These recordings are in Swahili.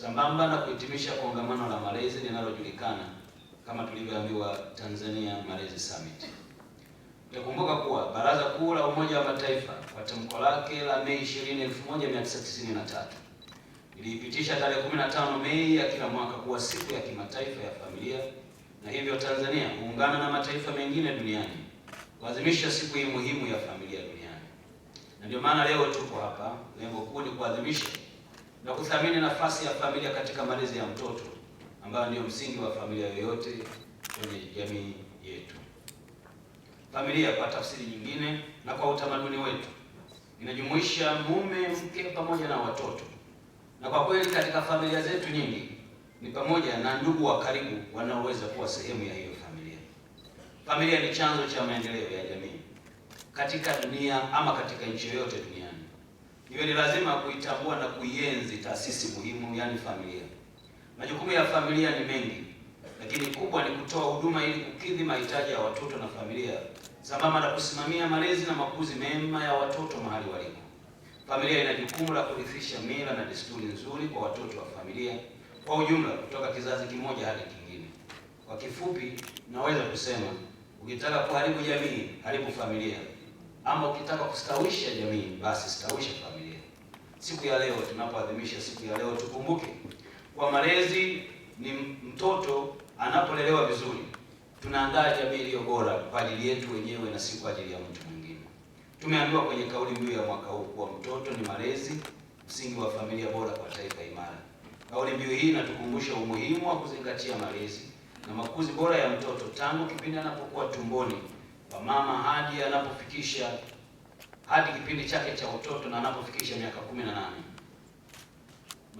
sambamba na kuhitimisha kongamano la malezi linalojulikana kama tulivyoambiwa Tanzania Malezi Summit. Nakumbuka kuwa Baraza Kuu la Umoja wa Mataifa kwa tamko lake la Mei 20, 1993 iliipitisha tarehe 15 Mei ya kila mwaka kuwa siku ya kimataifa ya familia, na hivyo Tanzania huungana na mataifa mengine duniani kuadhimisha siku hii muhimu ya familia duniani, na ndio maana leo tuko hapa, lengo kuu ni kuadhimisha na kuthamini nafasi ya familia katika malezi ya mtoto ambayo ndiyo msingi wa familia yoyote kwenye jamii yetu. Familia kwa tafsiri nyingine na kwa utamaduni wetu inajumuisha mume, mke pamoja na watoto, na kwa kweli katika familia zetu nyingi ni pamoja na ndugu wa karibu wanaoweza kuwa sehemu ya hiyo familia. Familia ni chanzo cha maendeleo ya jamii katika dunia ama katika nchi yoyote duniani hiyo ni lazima kuitambua na kuienzi taasisi muhimu, yani familia. Majukumu ya familia ni mengi, lakini kubwa ni kutoa huduma ili kukidhi mahitaji ya watoto na familia, sambamba na kusimamia malezi na makuzi mema ya watoto mahali walipo. Familia ina jukumu la kurithisha mila na desturi nzuri kwa watoto wa familia kwa ujumla, kutoka kizazi kimoja hadi kingine. Kwa kifupi, naweza kusema ukitaka kuharibu jamii, haribu familia, ama ukitaka kustawisha jamii, basi stawisha familia siku ya leo tunapoadhimisha siku ya leo, tukumbuke kwa malezi ni mtoto anapolelewa vizuri, tunaandaa jamii iliyo bora kwa ajili yetu wenyewe na si kwa ajili ya mtu mwingine. Tumeambiwa kwenye kauli mbiu ya mwaka huu kuwa mtoto ni malezi, msingi wa familia bora kwa taifa imara. Kauli mbiu hii inatukumbusha umuhimu wa kuzingatia malezi na makuzi bora ya mtoto tangu kipindi anapokuwa tumboni kwa mama hadi anapofikisha hadi kipindi chake cha utoto na anapofikisha miaka kumi na nane.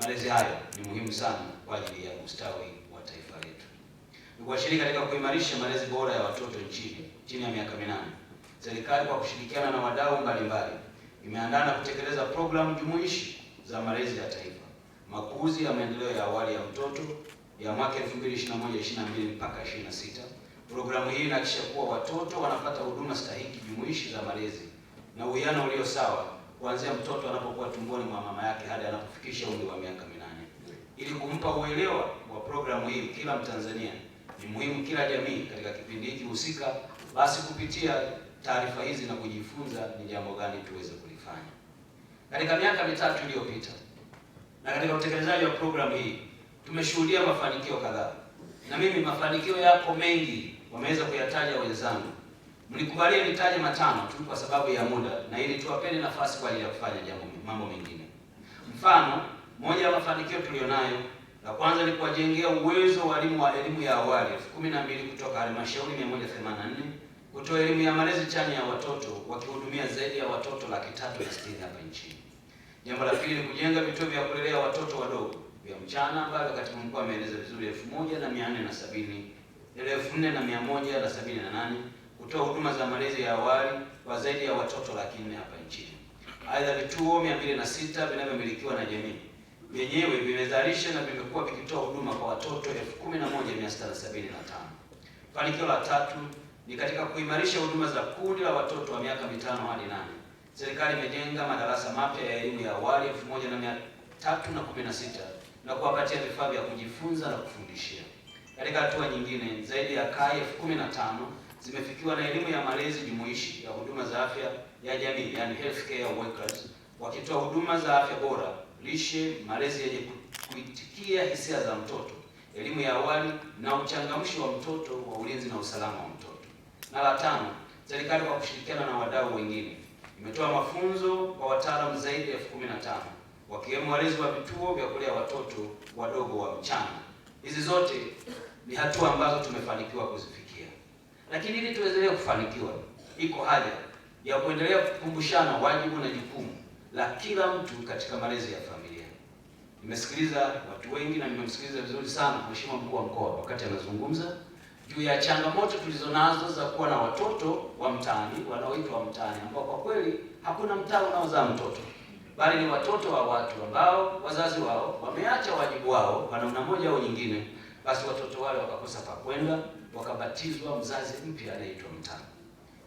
Malezi hayo ni muhimu sana kwa ajili ya ustawi wa taifa letu. Ni kuwashiriki katika kuimarisha malezi bora ya watoto nchini chini ya miaka minane. Serikali kwa kushirikiana na wadau mbalimbali imeandaa na kutekeleza programu jumuishi za malezi ya taifa, makuzi ya maendeleo ya awali ya mtoto ya mwaka 2021-2022 mpaka 26. Programu hii inahakikisha kuwa watoto wanapata huduma stahiki jumuishi za malezi na uwiano ulio sawa kuanzia mtoto anapokuwa tumboni mwa mama yake hadi anapofikisha umri wa miaka minane. Ili kumpa uelewa wa programu hii kila Mtanzania, ni muhimu kila jamii katika kipindi hiki husika basi kupitia taarifa hizi na kujifunza ni jambo gani tuweze kulifanya. Katika miaka mitatu iliyopita na katika utekelezaji wa programu hii tumeshuhudia mafanikio kadhaa, na mimi mafanikio yako mengi wameweza kuyataja wenzangu Mlikubalia nitaje matano tu kwa sababu ya muda na ili tuwapende nafasi kwa ajili ya kufanya jambo mambo mengine. Mfano, moja ya mafanikio tulionayo la kwanza ni kuwajengea uwezo walimu wa elimu ya awali 12 kutoka halmashauri 184 kutoa elimu ya malezi chanya ya watoto wakihudumia zaidi ya watoto laki tatu na sitini hapa nchini. Jambo la pili ni kujenga vituo vya kulelea watoto wadogo vya mchana ambavyo katibu mkuu ameeleza vizuri elfu moja na mia nne na sabini elfu nne na mia moja na sabini na nane kutoa huduma za malezi ya awali kwa zaidi ya watoto laki nne hapa nchini. Aidha, vituo na sita vinavyomilikiwa na jamii vyenyewe vimezalisha na vimekuwa vikitoa huduma kwa watoto 11675. Fanikio la tatu ni katika kuimarisha huduma za kundi la watoto wa miaka mitano hadi nane. Serikali imejenga madarasa mapya ya elimu ya awali na sita na kuwapatia vifaa vya kujifunza na kufundishia. Katika hatua nyingine, zaidi ya kaya elfu kumi na tano zimefikiwa na elimu ya malezi jumuishi ya huduma za afya ya jamii, yani healthcare workers, wakitoa huduma za afya bora, lishe, malezi yenye kuitikia hisia za mtoto, elimu ya awali na uchangamshi wa mtoto wa ulinzi na usalama wa mtoto. Na la tano, serikali kwa kushirikiana na wadau wengine imetoa mafunzo kwa wataalamu zaidi ya elfu kumi na tano wakiwemo walezi wa vituo vya kulea watoto wadogo wa mchana. Hizi zote ni hatua ambazo tumefanikiwa kuzifikia. Lakini ili tuendelee kufanikiwa, iko haja ya kuendelea kukumbushana wajibu na jukumu la kila mtu katika malezi ya familia. Nimesikiliza watu wengi na nimemsikiliza vizuri sana Mheshimiwa Mkuu wa Mkoa wakati anazungumza juu ya changamoto tulizonazo za kuwa na watoto wa mtaani wanaoitwa wa mtaani, ambao kwa kweli hakuna mtaa unaozaa mtoto, bali ni watoto wa watu ambao wazazi wao wameacha wajibu wao kwa namna moja au nyingine, basi watoto wale wakakosa pa kwenda wakabatizwa mzazi mpya anaitwa mtango.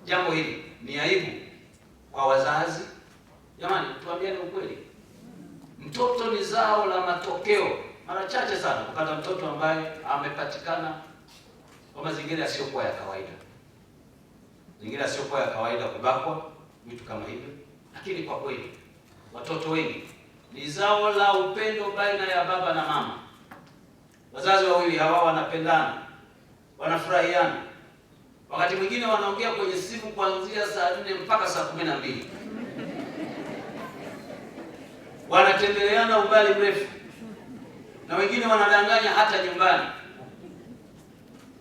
Jambo hili ni aibu kwa wazazi. Jamani, tuambiane ukweli, mtoto ni zao la matokeo. Mara chache sana kupata mtoto ambaye amepatikana kwa mazingira yasiyokuwa ya kawaida, mazingira yasiyokuwa ya kawaida, kubakwa, vitu kama hivyo. Lakini kwa kweli watoto wengi ni zao la upendo baina ya baba na mama. Wazazi wawili hawa wanapendana wanafurahiana, wakati mwingine wanaongea kwenye simu kuanzia saa nne mpaka saa kumi na mbili wanatembeleana umbali mrefu, na wengine wanadanganya hata nyumbani,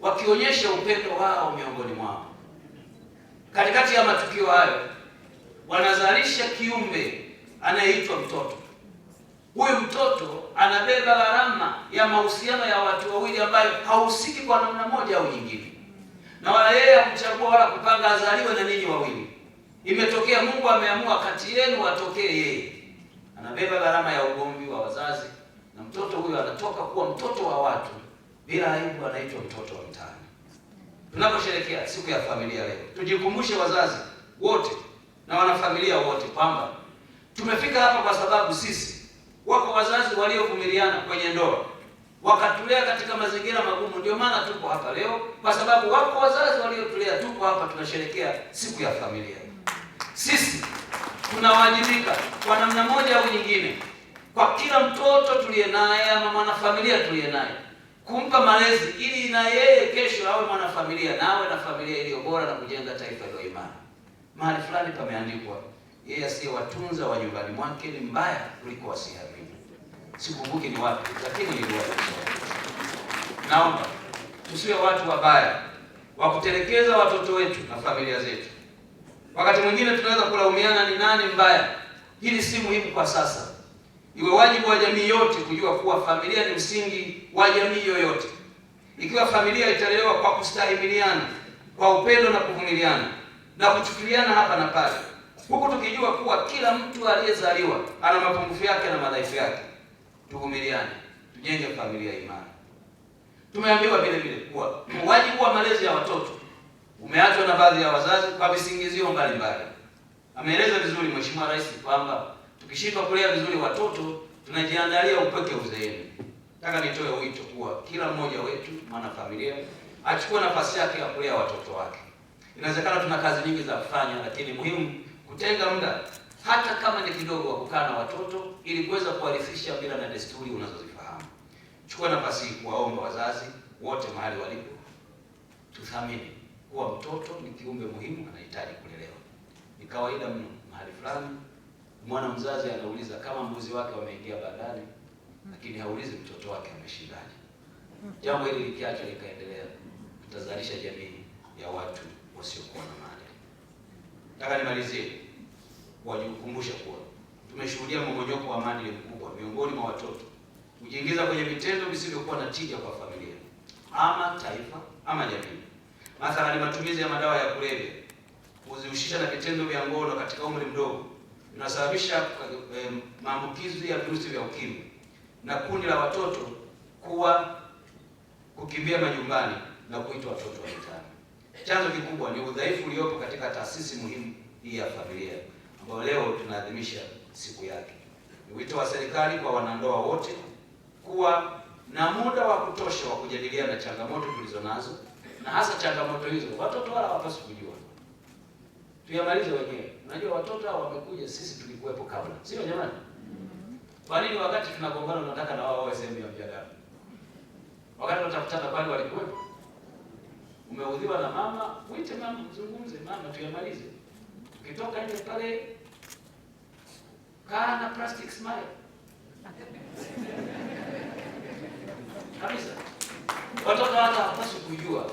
wakionyesha upendo wao miongoni mwao. Katikati ya matukio hayo wanazalisha kiumbe anayeitwa mtoto huyu mtoto anabeba gharama ya mahusiano ya watu wawili ambayo hahusiki kwa namna moja au nyingine, na wala yeye hakuchagua wala kupanga azaliwe na ninyi wawili. Imetokea Mungu ameamua kati yenu watokee yeye. Anabeba gharama ya ugomvi wa wazazi, na mtoto huyo anatoka kuwa mtoto wa watu bila aibu, anaitwa mtoto wa mtaani. Tunaposherehekea siku ya familia leo, tujikumbushe wazazi wote na wanafamilia wote kwamba tumefika hapa kwa sababu sisi Wako wazazi waliovumiliana kwenye ndoa wakatulea katika mazingira magumu, ndio maana tuko hapa leo, kwa sababu wako wazazi waliotulea. Tuko hapa tunasherehekea siku ya familia. Sisi tunawajibika kwa namna moja au nyingine kwa kila mtoto tuliye naye ama mwanafamilia tuliye naye kumpa malezi ili na yeye kesho awe mwanafamilia na awe na familia iliyo bora na kujenga taifa iliyo imara. Mahali fulani pameandikwa, yeye asiyewatunza wa nyumbani mwake ni mbaya kuliko wasihamia sikumbuki ni wapi, lakini wapi. naomba tusiwe watu wabaya wa kutelekeza watoto wetu na familia zetu. Wakati mwingine tunaweza kulaumiana ni nani mbaya. Hili si muhimu kwa sasa. Iwe wajibu wa jamii yote kujua kuwa familia ni msingi wa jamii yoyote. Ikiwa familia italelewa kwa kustahimiliana, kwa upendo na kuvumiliana na kuchukuliana hapa na pale, huku tukijua kuwa kila mtu aliyezaliwa ana mapungufu yake na madhaifu yake tuvumiliane, tujenge familia imara. Tumeambiwa vile vile kuwa wajibu wa malezi ya watoto umeachwa na baadhi ya wazazi kwa visingizio mbalimbali. Ameeleza vizuri Mheshimiwa Rais kwamba tukishindwa kulea vizuri watoto tunajiandalia upweke uzeeni. Nataka nitoe wito kuwa kila mmoja wetu mwanafamilia achukue nafasi yake ya kulea watoto wake. Inawezekana tuna kazi nyingi za kufanya, lakini muhimu kutenga muda hata kama ni kidogo, wa kukaa na watoto ili kuweza kuwarithisha mila na desturi unazozifahamu. Chukua nafasi hii kuwaomba wazazi wote mahali walipo, tuthamini kuwa mtoto ni kiumbe muhimu, anahitaji kulelewa. Ni kawaida mno mahali fulani mwana mzazi anauliza kama mbuzi wake wameingia bandani, lakini haulizi mtoto wake ameshindaje. Jambo hili likiacha likaendelea, tutazalisha jamii ya watu wasiokuwa na maadili. Nataka nimalizie wajikumbusha kuwa tumeshuhudia mmomonyoko wa maadili mkubwa miongoni mwa watoto, kujiingiza kwenye vitendo visivyokuwa na tija kwa familia ama taifa ama jamii. Mathalani, matumizi ya madawa ya kulevya, kuzihusisha na vitendo vya ngono katika umri mdogo vinasababisha eh, maambukizi ya virusi vya ukimwi na kundi la watoto kuwa kukimbia majumbani na kuitwa watoto wa mitaani. Chanzo kikubwa ni udhaifu uliopo katika taasisi muhimu hii ya familia ambayo leo tunaadhimisha siku yake. Ni wito wa serikali kwa wanandoa wote kuwa na muda wa kutosha wa kujadiliana changamoto tulizo nazo, na hasa changamoto hizo watoto wala hawapaswi kujua, tuyamalize wenyewe. Unajua watoto hao wamekuja, sisi tulikuwepo kabla, sio jamani? Kwa nini wakati tunagombana nataka na wao wawe sehemu ya mjadala? Wakati watakutana pale walikuwepo? Umeudhiwa na mama, mwite mama, mzungumze mama, tuyamalize. Ukitoka nje pale, kaa na plastic smile kabisa. Watoto hata hawapaswi kujua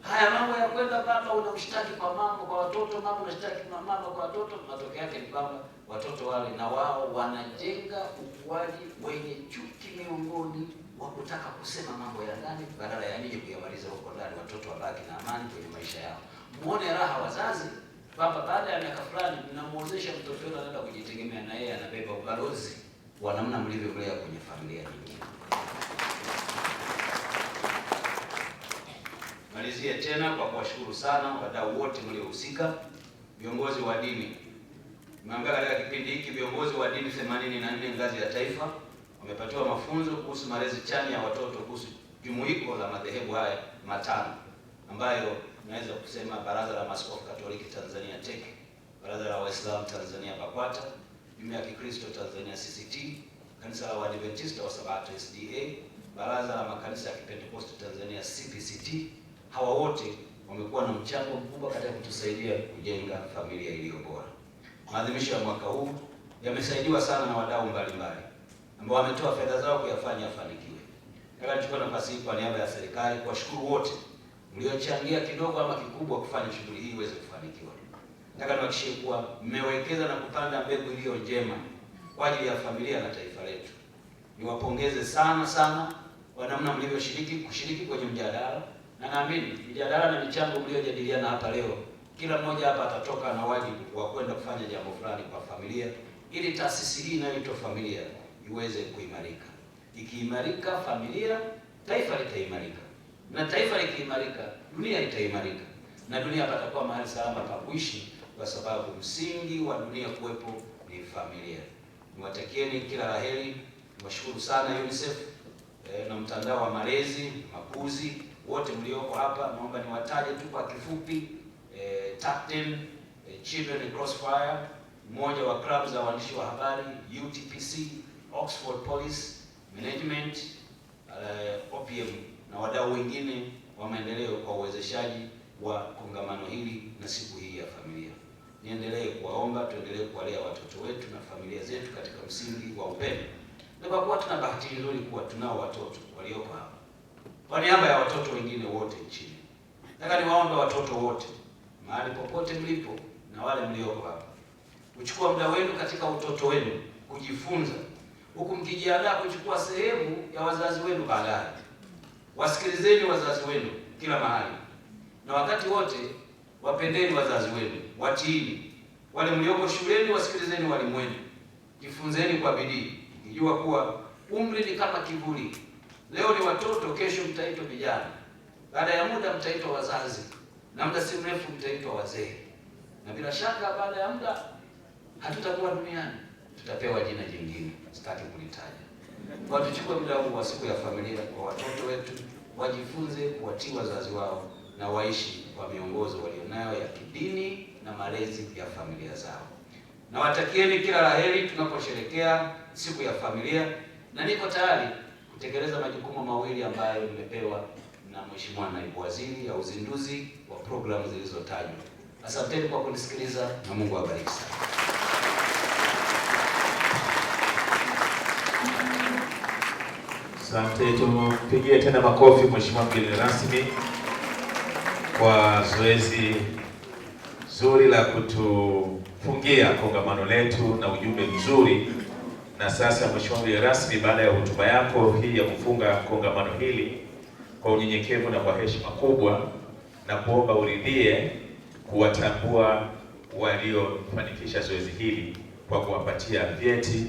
haya mambo ya kwenda baba unamshtaki kwa mambo kwa watoto, mama unashtaki kwa mama kwa watoto. Matokeo yake ni kwamba watoto wale na wao wanajenga ukuaji wenye chuki miongoni wa kutaka kusema mambo ya ndani badala ya nje kuyamaliza huko ndani, watoto wabaki na amani kwenye maisha yao. Muone raha wazazi kwamba baada ya miaka fulani mnamuozesha mtoto wenu anaenda kujitegemea na yeye anabeba ubalozi wa namna mlivyolea kwenye familia nyingine. Malizia tena kwa kuwashukuru sana wadau wote mliohusika, viongozi wa dini. Nimeambia katika kipindi hiki viongozi wa dini 84 ngazi ya taifa wamepatiwa mafunzo kuhusu malezi chanya ya watoto kuhusu jumuiko la madhehebu haya matano ambayo naweza kusema Baraza la Maaskofu Katoliki Tanzania TEC, Baraza la Waislamu Tanzania BAKWATA, Jumuiya ya Kikristo Tanzania CCT, Kanisa la Waadventista wa Sabato SDA, Baraza la Makanisa ya Kipentekoste Tanzania CPCT. Hawa wote wamekuwa na mchango mkubwa katika kutusaidia kujenga familia iliyo bora. Maadhimisho ya mwaka huu yamesaidiwa sana na wadau mbalimbali ambao wametoa fedha zao kuyafanya yafanikiwe. Nataka nichukue nafasi hii kwa niaba ya serikali kuwashukuru wote mliochangia kidogo ama kikubwa kufanya shughuli hii iweze kufanikiwa. Nataka tuhakikishie kuwa mmewekeza na kupanda mbegu iliyo njema kwa ajili ya familia na taifa letu. Niwapongeze sana sana kwa namna mlivyoshiriki kushiriki kwenye mjadala, na naamini mjadala na michango mliojadiliana hapa leo, kila mmoja hapa atatoka na wajibu wa kwenda kufanya jambo fulani kwa familia, ili taasisi hii inayoitwa familia iweze kuimarika. Ikiimarika familia, taifa litaimarika na taifa likiimarika, dunia itaimarika na dunia patakuwa mahali salama pa kuishi, kwa sababu msingi wa dunia kuwepo ni familia. Niwatakieni kila laheri niwashukuru sana UNICEF e, na mtandao wa malezi makuzi wote mlioko hapa, naomba niwataje tu kwa kifupi e, eh, TACTEN e, eh, Children Crossfire, mmoja wa club za waandishi wa habari UTPC, Oxford Police Management, uh, OPM na wadau wengine wa maendeleo kwa uwezeshaji wa kongamano hili na siku hii ya familia. Niendelee kuwaomba tuendelee kuwalea watoto wetu na familia zetu katika msingi wa upendo, na kwa kuwa tuna bahati nzuri kuwa tunao watoto walioko hapa, kwa niaba ya watoto wengine wote nchini, nataka niwaombe watoto wote mahali popote mlipo na wale mlioko hapa kuchukua muda wenu katika utoto wenu kujifunza, huku mkijiandaa kuchukua sehemu ya wazazi wenu baadaye. Wasikilizeni wazazi wenu kila mahali na wakati wote, wapendeni wazazi wenu, watiini. Wale mlioko shuleni, wasikilizeni walimu wenu, jifunzeni kwa bidii, kijua kuwa umri ni kama kivuli. Leo ni watoto, kesho mtaitwa vijana, baada ya muda mtaitwa wazazi, na muda si mrefu mtaitwa wazee, na bila shaka baada ya muda hatutakuwa duniani, tutapewa jina jingine, sitaki kulitaja. Watuchukue muda huu wa siku ya familia kwa watoto wetu, wajifunze kuwatii wazazi wao na waishi kwa miongozo walionayo ya kidini na malezi ya familia zao. Na watakieni kila laheri tunaposherekea siku ya familia, na niko tayari kutekeleza majukumu mawili ambayo nimepewa na Mheshimiwa Naibu Waziri ya uzinduzi wa programu zilizotajwa. Asanteni kwa kunisikiliza na Mungu awabariki sana. Asante, tumpigie tena makofi mheshimiwa mgeni rasmi kwa zoezi zuri la kutufungia kongamano letu na ujumbe mzuri. Na sasa mheshimiwa mgeni rasmi, baada ya hotuba yako hii ya kufunga kongamano hili kwa unyenyekevu na kwa heshima kubwa, na kuomba uridhie kuwatambua waliofanikisha zoezi hili kwa kuwapatia vyeti